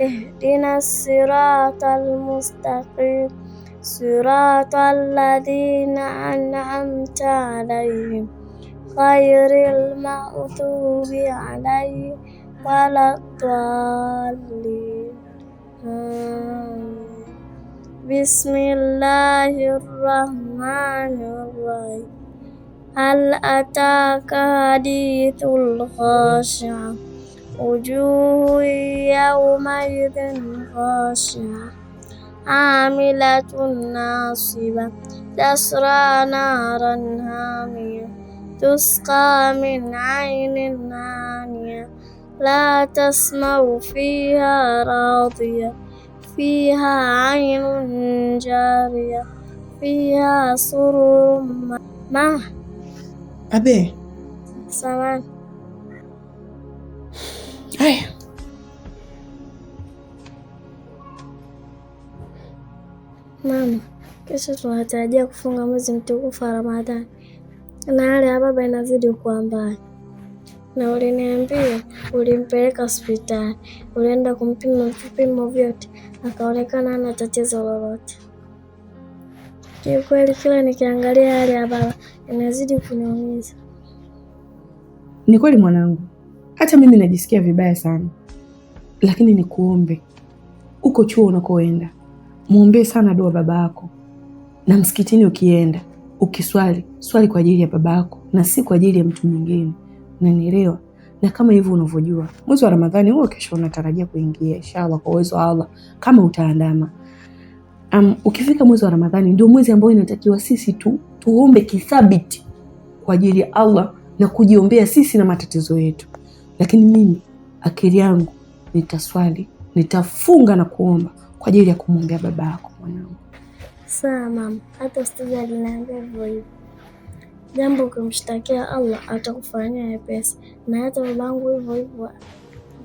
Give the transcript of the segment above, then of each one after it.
اهدنا الصراط المستقيم صراط الذين أنعمت عليهم غير المغضوب عليهم ولا الضالين بسم الله الرحمن الرحيم هل أتاك حديث الخاشعة وجوه يومئذ خاشعة عاملة ناصبة تسرى نارا هامية تسقى من عين آنية لا تسمع فيها راضية فيها عين جارية فيها سرور ما أبي سمان Haya, mama, kesho tunatarajia kufunga mwezi mtukufu wa Ramadhani na hali ya baba inazidi kuwa mbaya, na uliniambia ulimpeleka hospitali, ulienda kumpima vipimo vyote, akaonekana ana tatizo lolote. Kiukweli, kila nikiangalia hali ya baba inazidi kuniumiza. Ni kweli mwanangu hata mimi najisikia vibaya sana, lakini nikuombe, uko chuo unakoenda mwombee sana dua baba yako, na msikitini ukienda ukiswali swali kwa ajili ya baba yako na si kwa ajili ya mtu mwingine, unanielewa? Na kama hivyo unavyojua, mwezi wa Ramadhani huo kesho unatarajia kuingia inshallah, kwa uwezo wa Allah, kama utaandama. Um, ukifika mwezi wa Ramadhani ndio mwezi ambao inatakiwa sisi tu tuombe kithabiti kwa ajili ya Allah na kujiombea sisi na matatizo yetu. Lakini mimi akili yangu nitaswali, nitafunga na kuomba kwa ajili ya kumwombea baba yako mwanangu. Sawa mama, hata ustadhi aliniambia hivyo hivyo. Jambo ukimshtakia Allah atakufanyia wepesi, na hata babangu hivyo hivyo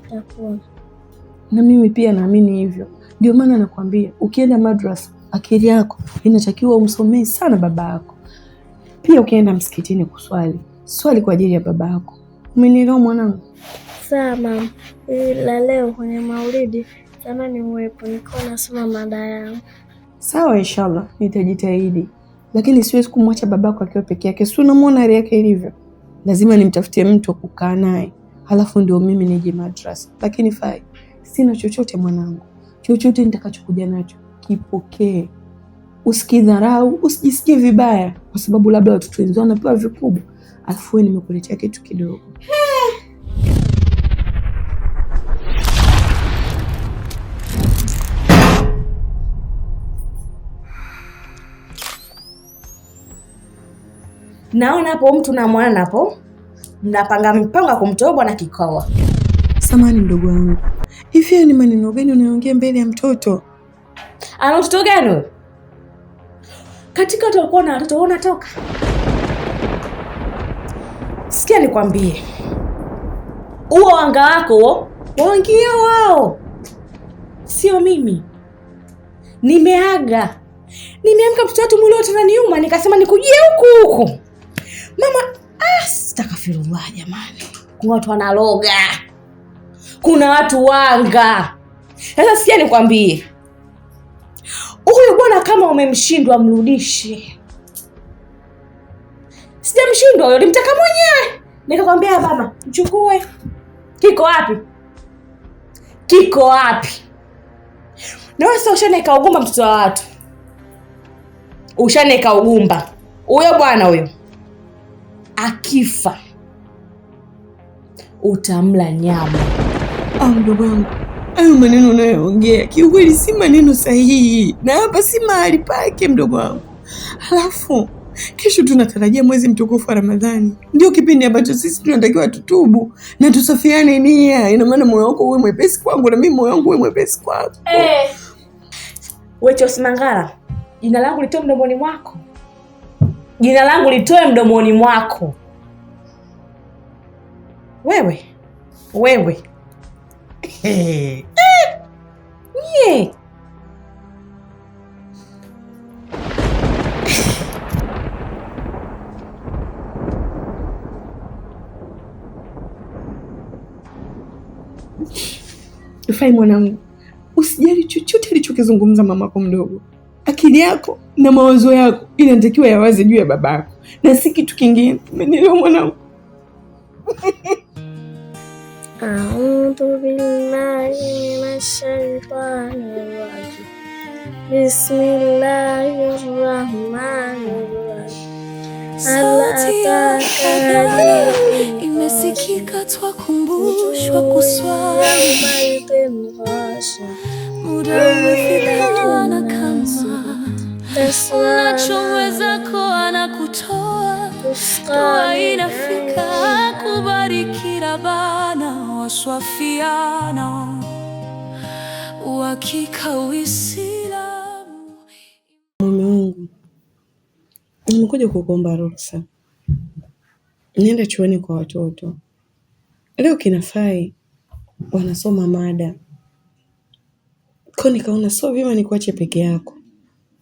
atakuwa. Na mimi pia naamini hivyo, ndio maana nakwambia ukienda madrasa akili yako inatakiwa umsomee sana baba yako. Pia ukienda msikitini kuswali, swali kwa ajili ya baba yako. Umenielewa mwanangu? Sawa mama, ila leo kwenye maulidi sana ni uwepo, nilikuwa nasoma mada yangu. Sawa, inshallah nitajitahidi, lakini siwezi kumwacha babako akiwa peke yake. Si unamwona hali yake ilivyo, lazima nimtafutie mtu wa kukaa naye, halafu ndio mimi nije madrasa. Lakini Fai, sina chochote mwanangu, chochote nitakachokuja nacho kipokee usikidharau, usijisikie vibaya kwa sababu labda watoto wenzao wanapewa vikubwa, alafu wewe nimekuletea kitu kidogo. Naona hapo mtu na mwana hapo mnapanga mpango kumtoa bwana kikoa. Samani mdogo wangu, hivi ni maneno gani unaongea mbele ya mtoto? Ana mtoto gani? katika hata walikuwa na watoto, wewe unatoka. Sikia nikwambie, huo wanga wako waingie wao, sio mimi. Nimeaga, nimeamka mtoto watu mwili wote unaniuma, nikasema nikujie huku huku mama. Astaghfirullah, ah, jamani, kuna watu wanaloga, kuna watu wanga. Sasa sikia nikwambie huyu bwana kama umemshindwa mrudishe. Sijamshindwa huyo, nimtaka mwenyewe. Nikakwambia mama, mchukue. Kiko wapi? Kiko wapi? Na wewe sasa ushaneka ugumba, mtoto wa watu, ushaneka ugumba. Huyo bwana huyo akifa utamla nyama. Oh, ndugu yangu Hayo maneno unayoongea kiukweli si maneno sahihi, na hapa si mahali pake, mdogo wangu. Halafu kesho tunatarajia mwezi mtukufu wa Ramadhani, ndio kipindi ambacho sisi tunatakiwa tutubu na tusafiane nia. Ina maana moyo wako uwe mwepesi kwangu na mimi moyo wangu uwe mwepesi kwako. Hey, Wechos jina langu litoe mdomoni mwako, jina langu litoe mdomoni mwako. Wewe wewe Nie! Rufai mwanangu, usijali chochote alichokizungumza mamako mdogo. Akili yako na mawazo yako inatakiwa yawaze juu ya babako na si kitu kingine. Umenielewa mwanangu? أعوذ بالله من الشيطان الرجيم بسم الله الرحمن الرحيم imesikika, twakumbushwa kuswali. Muda umefika na unachoweza kuwa na kutoa, dua inafika kubariki Rabbana mawaswafiano uhakika Uislamu. Mume wangu, nimekuja kukuomba ruhusa niende chuoni kwa watoto leo. Kinafai wanasoma mada ko, nikaona sio vyema nikuache peke yako,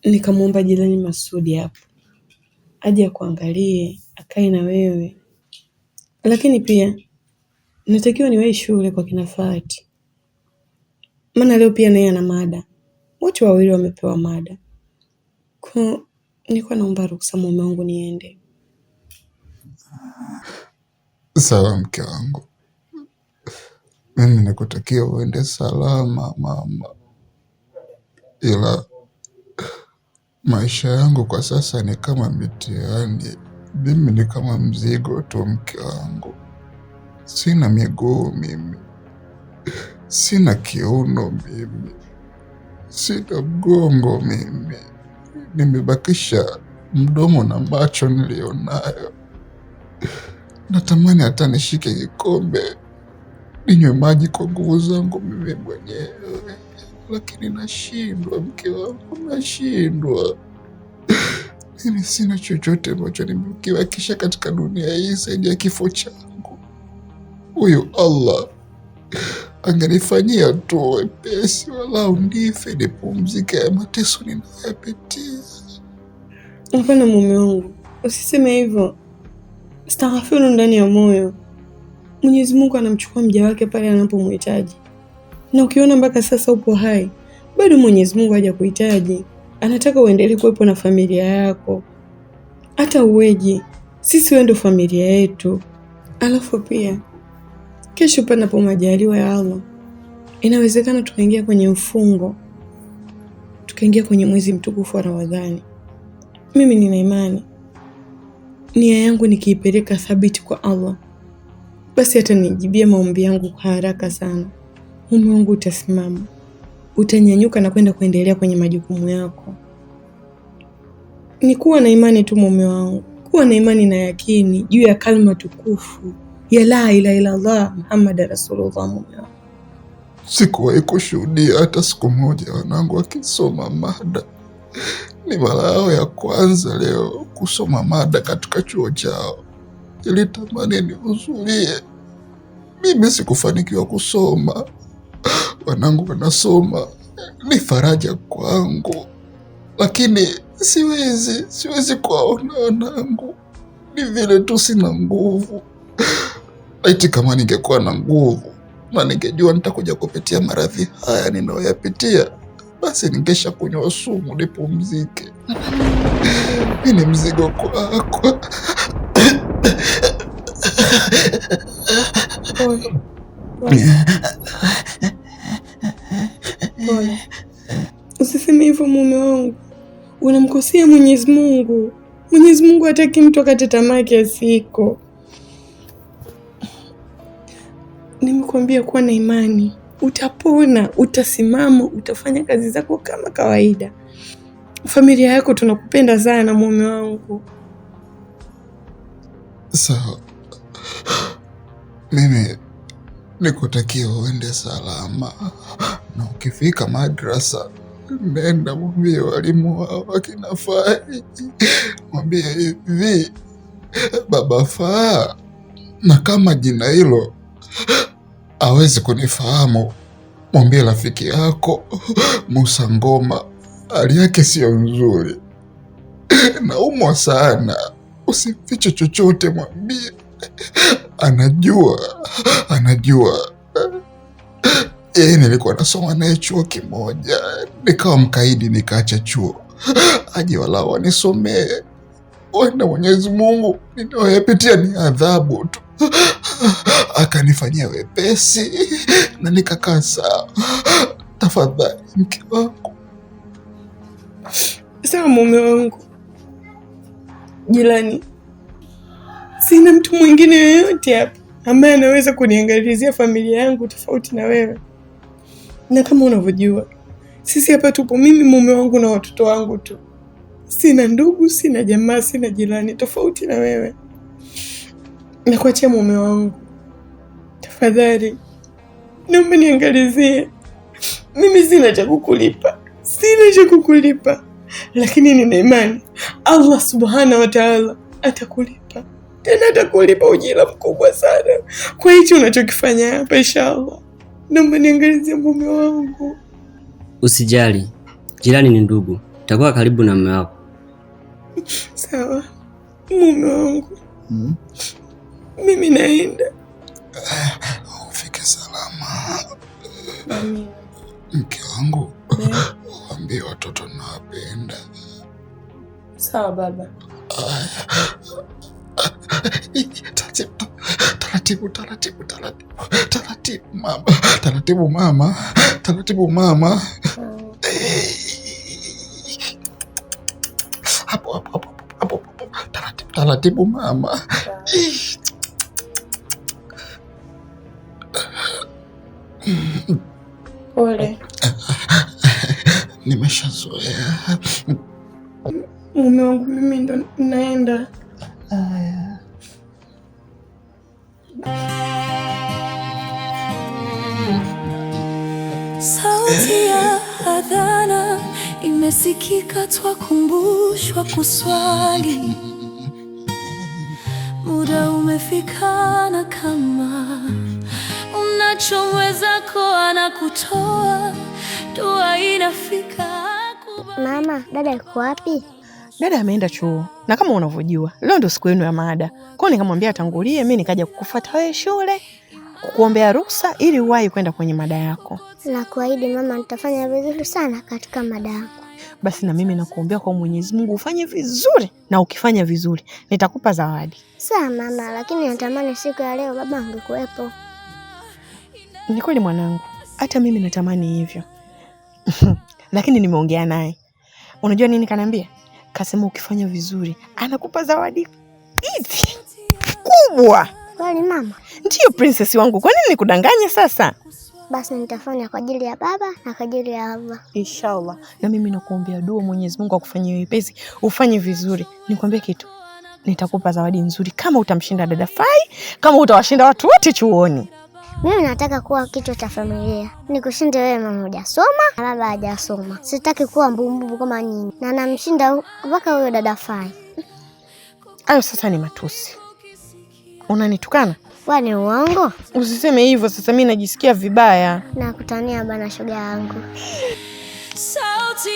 nikamwomba jirani Masudi hapo aje akuangalie, akae na wewe, lakini pia natakiwa niwahi shule kwa kina Fati, maana leo pia naye ana mada. Wote wawili wamepewa mada. Kwa nilikuwa naomba ruhusa mume wangu niende. Sawa mke wangu, mimi nakutakia uende salama mama, ila maisha yangu kwa sasa ni kama mitihani, mimi ni kama mzigo tu mke wangu. Sina miguu mimi, sina kiuno mimi, sina mgongo mimi, nimebakisha mdomo na macho nilionayo. Natamani hata nishike kikombe ninywe maji kwa nguvu zangu mimi mwenyewe, lakini nashindwa. Mke wangu, nashindwa. Mimi sina chochote ambacho nimekiwakisha katika dunia hii zaidi ya kifo changu. Huyu Allah angenifanyia tu wepesi, walau nife nipumzike ya mateso ninayoyapitia. Hapana mume wangu, usiseme hivyo. Staghfiru ndani ya moyo. Mwenyezi Mungu anamchukua mja wake pale anapomhitaji, na ukiona mpaka sasa upo hai, bado Mwenyezi Mungu haja kuhitaji, anataka uendelee kuwepo na familia yako hata uweje. Sisi wewe familia yetu, alafu pia Kesho panapo majaliwa ya Allah, inawezekana tukaingia kwenye mfungo, tukaingia kwenye mwezi mtukufu wa Ramadhani. Mimi nina imani, nia yangu nikiipeleka thabiti kwa Allah, basi atanijibia maombi yangu kwa haraka sana. Mume wangu utasimama, utanyanyuka na kwenda kuendelea kwenye majukumu yako. Ni kuwa na imani tu mume wangu, kuwa na imani na yakini juu ya kalma tukufu ya la ilaha illallah Muhammad rasulullah. Mume wangu sikuwahi kushuhudia hata siku moja wanangu wakisoma mada. Ni mara yao ya kwanza leo kusoma mada katika chuo chao. Nilitamani nihudhurie, mimi sikufanikiwa kusoma. Wanangu wanasoma, ni faraja kwangu, lakini siwezi, siwezi kuwaona wanangu, ni vile tu sina nguvu. Laiti kama ningekuwa na nguvu na ningejua nitakuja kupitia maradhi haya ninayoyapitia, basi ningesha kunywa sumu nipumzike. Mi ni mzigo kwako. Usiseme hivyo mume wangu, unamkosea Mwenyezi Mungu. Mwenyezi Mungu hataki mtu akate tamaa kiasi hiko. nimekuambia kuwa na imani, utapona, utasimama, utafanya kazi zako kama kawaida. Familia yako tunakupenda sana mume wangu. Sawa, mimi nikutakia uende salama, na ukifika madrasa nenda mwambie walimu wao akina Fai, mwambie hivi baba Faa, na kama jina hilo hawezi kunifahamu, mwambie rafiki yako Musa Ngoma, hali yake siyo nzuri, naumwa sana, usifiche chochote, mwambie. Anajua, anajua yeye, nilikuwa nasoma naye chuo kimoja, nikawa mkaidi, nikaacha chuo. Aje walao wanisomee, wana Mwenyezi Mungu, ninayoyapitia ni adhabu tu akanifanyia wepesi na nikakaa sawa. Tafadhali mke wangu. Sawa mume wangu. Jirani, sina mtu mwingine yoyote hapa ambaye anaweza kuniangalizia familia yangu tofauti na wewe, na kama unavyojua sisi hapa tupo mimi, mume wangu na watoto wangu tu. Sina ndugu, sina jamaa, sina jirani tofauti na wewe. Nakuachia mume wangu, tafadhali naomba niangalizie. Mimi sina cha kukulipa, sina cha kukulipa, lakini nina imani Allah subhanahu wa taala atakulipa, tena atakulipa ujira mkubwa sana kwa hicho unachokifanya hapa. Inshallah, naomba niangalizie mume wangu. Usijali, jirani ni ndugu, takuwa karibu na mume wako. Sawa mume wangu. mm -hmm. Mimi naenda uh, ufike salama uh, mke wangu waambie watoto nawapenda. Sawa baba. Taratibu, taratibu, taratibu, taratibu, taratibu mama, taratibu mama, taratibu mama. Hapo hapo hapo hapo, taratibu, taratibu mama. Pole. Nimeshazoea. Mume wangu mimi ndo naenda. Aya. Sauti ya adhana imesikika, twakumbushwa kuswali. Muda umefikana kama nacho mwenzako anakutoa, dua inafika. Mama, dada yuko wapi? Dada ameenda chuo, na kama unavyojua leo ndio siku yenu ya mada kwao. Nikamwambia atangulie, mi nikaja kukufuata wewe shule kukuombea ruhusa ili uwahi kwenda kwenye mada yako. Nakuahidi mama, nitafanya vizuri sana katika mada yako. Basi na mimi nakuombea kwa Mwenyezi Mungu ufanye vizuri, na ukifanya vizuri nitakupa zawadi. Sawa mama, lakini natamani siku ya leo baba angekuwepo. Ni kweli mwanangu, hata mimi natamani hivyo lakini nimeongea naye, unajua nini kanaambia? Kasema ukifanya vizuri anakupa zawadi hivi kubwa. Kwani mama? Ndio princess wangu, kwa nini nikudanganye sasa? Basi nitafanya kwa ajili ya baba na kwa ajili ya Allah. Inshallah. Na mimi nakuombea dua, Mwenyezi Mungu akufanyie wepesi, ufanye vizuri. Nikwambie kitu, nitakupa zawadi nzuri kama utamshinda dada Fai, kama utawashinda watu wote chuoni. Mimi nataka kuwa kichwa cha familia, nikushinde wewe. Mama hujasoma na baba hajasoma, sitaki kuwa mbumbubu kama nyinyi, na namshinda mpaka huyo dada Fai. Hayo sasa ni matusi. Unanitukana? Kwani uongo? Usiseme hivyo sasa, mimi najisikia vibaya. Nakutania bana, shoga yangu. Sauti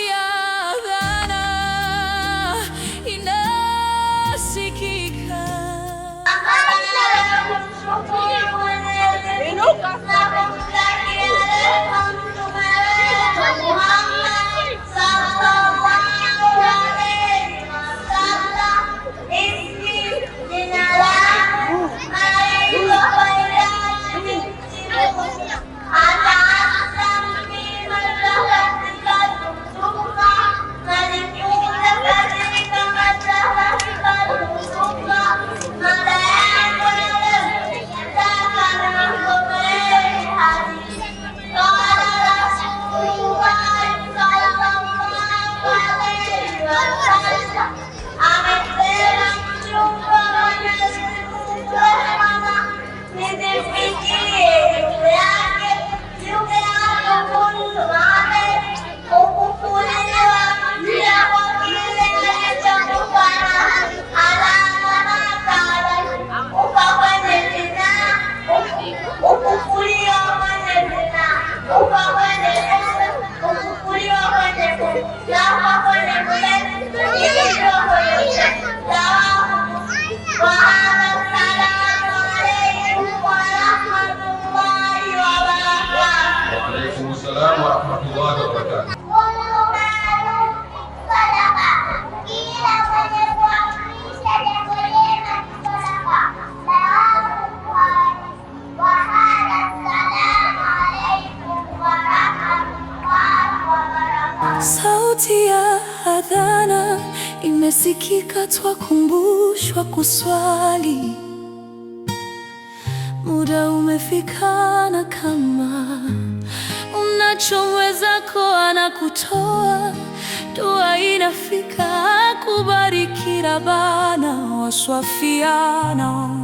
kutoa, dua inafika, kubariki rabana waswafiana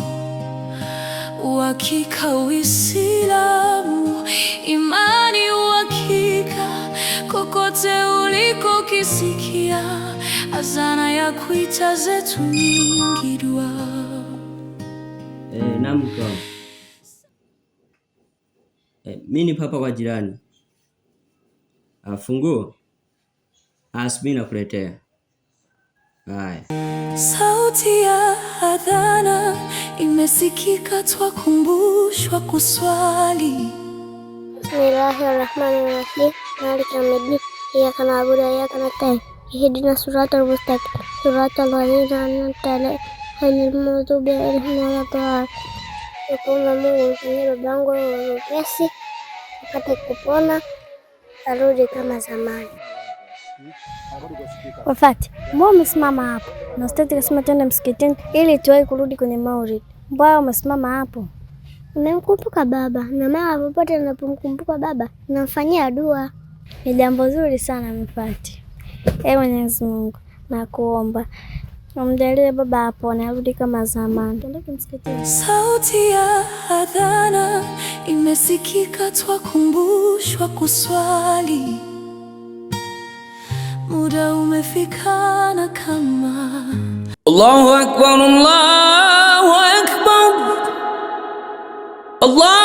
uhakika Uislamu imani uhakika, kokote ulikokisikia azana ya kuita zetu nyingi dua e, mimi ni papa wa jirani Ah, funguo asbi ah, nakuletea. Haya, sauti ya adhana imesikika, twakumbushwa kuswali. Bismillahi rahmani rahim maliki yaumiddin iyyaka na'budu wa iyyaka nasta'in ihdina siratal mustaqim siratal ladzina an'amta alaihim ghayril maghdubi alaihim waladdallin. Nakuomba Mungu nifanyie baba yangu wepesi apate kupona arudi kama zamani. Wafati, mbona umesimama hapo? Na ustadhi kasema twende msikitini ili tuwahi kurudi kwenye maulidi. Mbona umesimama hapo? Namkumbuka baba na mara popote ninapomkumbuka baba namfanyia dua. Ni jambo zuri sana Mfati. Ee Mwenyezi Mungu, nakuomba Wamjalie baba apone, arudi kama zamani. Tuondoke msikitini. Sauti ya adhana imesikika, twakumbushwa kuswali. Muda umefika na kama Allahu akbar, Allahu akbar, Allah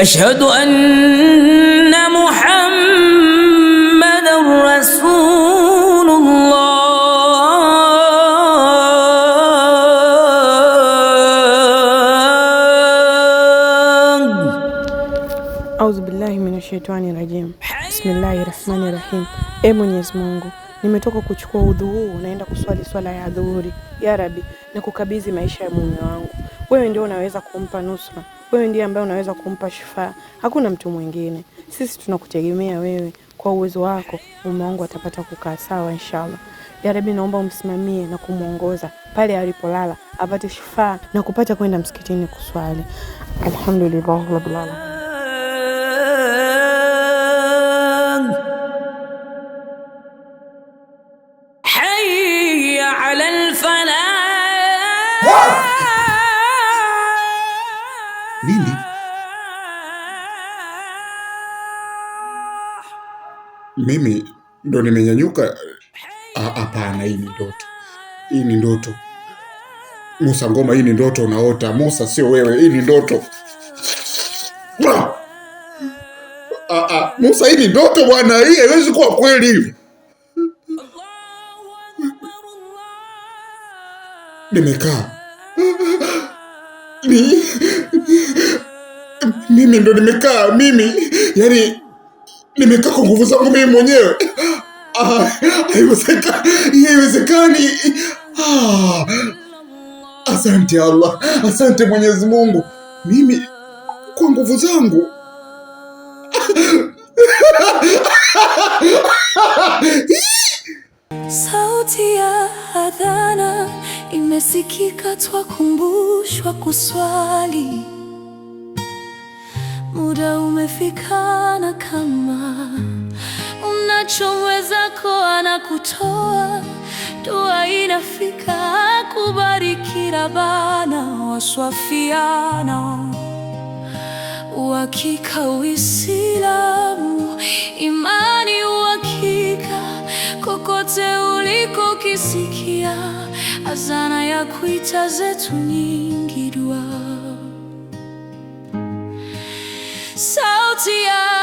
ashhadu رسول الله أعوذ بالله من الشيطان الرجيم rajim. الله الرحمن rahim. E Mwenyezi Mungu, nimetoka kuchukua udhu huu, naenda kuswali swala ya dhuhuri. Ya Rabbi, nikukabidhi maisha ya mume wangu, wewe ndio unaweza kumpa nusra wewe ndiye ambaye unaweza kumpa shifaa, hakuna mtu mwingine. Sisi tunakutegemea wewe kwa uwezo wako. Mume wangu atapata kukaa sawa inshallah. Ya Rabbi, naomba umsimamie na kumwongoza pale alipolala, apate shifaa na kupata kwenda msikitini kuswali. Alhamdulillah rabbil alamin. Mimi mimi ndo nimenyanyuka? Ah, hapana, hii ni ndoto, hii ni ndoto. Musa Ngoma, hii ni ndoto unaota Musa, sio wewe. Hii ni ndoto ah, ah, Musa, hii ni ndoto bwana, hii haiwezi kuwa kweli. Nimekaa mimi ndo nimekaa mimi, yani nimekaa kwa nguvu zangu mimi mwenyewe. Ah, haiwezekani. Ah, asante Allah, asante Mwenyezi Mungu, mimi kwa nguvu zangu imesikika, twakumbushwa kuswali, muda umefika, na kama unachomweza anakutoa, dua inafika, kubariki Rabana, waswafiana uhakika, Uislamu imani, uhakika kokote ulikokisikia hazana ya kuita zetu nyingi dua sauti ya